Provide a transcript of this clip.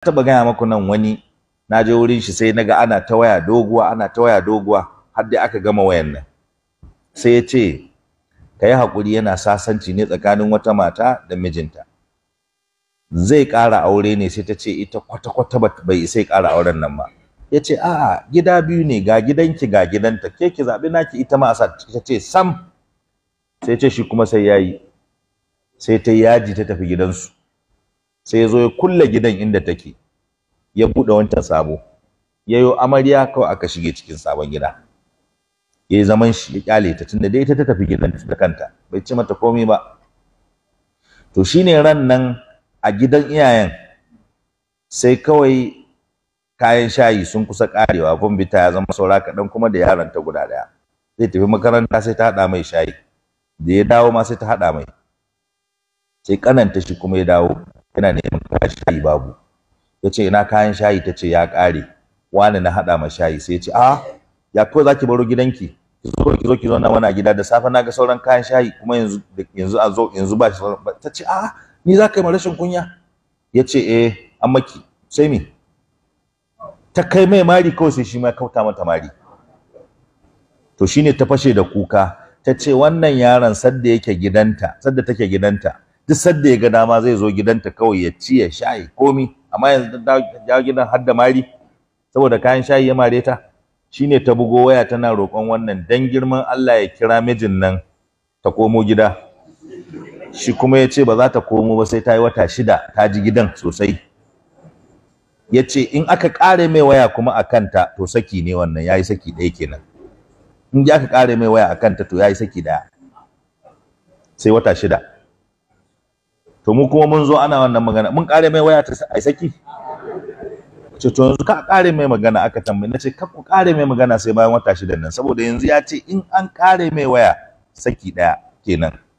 taba gaya maku nan wani na je wurin shi sai naga ana ta waya doguwa ana ta waya doguwa har dai aka gama wayan nan sai ya ce ka yi haƙuri yana sasanci ne tsakanin wata mata da mijinta zai ƙara aure ne sai ta ce ita kwata-kwata bai sai ƙara auren nan ba ya ce a'a gida biyu ne ga gidanki ga gidanta ke ki zaɓi naki ita ma a ta ce sam sai ce shi kuma sai yayi sai ta yaji ta tafi gidansu sai ya zo ya kulle gidan inda take ya buɗe wancan sabo ya amarya kawai aka shige cikin sabon gida ya yi zaman shi ya kyale ta tunda dai ta ta tafi gidan da kanta bai ci mata komai ba to shine ran nan a gidan iyayen sai kawai kayan shayi sun kusa karewa bita ya zama saura kaɗan kuma da yaron ta guda ɗaya zai tafi makaranta sai ta haɗa mai shayi da ya dawo ma sai ta haɗa mai sai kananta shi kuma ya dawo Yana neman kayan shayi babu ya ce ina kayan shayi ta ce ya ƙare wani na haɗa ma shayi sai ya ce a ah, ya kawai za ki baro gidanki ki zo ki zo ki zo na mana gida da safe na ga sauran kayan shayi kuma yanzu yanzu a zo yanzu ba shi ta ce a ah, ni za ka yi rashin kunya ya ce eh an maki sai me ta kai mai mari kawai sai shi ma kauta mata mari to shine ta fashe da kuka ta ce wannan yaron sadda yake gidanta sadda take gidanta duk sadda ya ga dama zai zo gidanta kawai ya ci ya sha ya komi amma yanzu ta dawo gidan har da mari saboda kayan shayi ya mare ta shine ta bugo waya tana roƙon wannan dan girman Allah ya kira mijin nan ta komo gida shi kuma ya ce ba za ta komo ba sai ta yi wata shida ta ji gidan sosai ya ce in aka ƙare mai waya kuma a kanta to saki ne wannan ya yi saki ɗaya kenan in ji aka ƙare mai waya a kanta to ya yi saki ɗaya sai wata shida to mu kuma mun zo ana wannan magana mun kare mai waya ta ai saki ce to yanzu ka kare mai magana aka tambaye nace ka ku kare mai magana sai bayan wata shida nan saboda yanzu ya ce in an kare mai waya saki daya kenan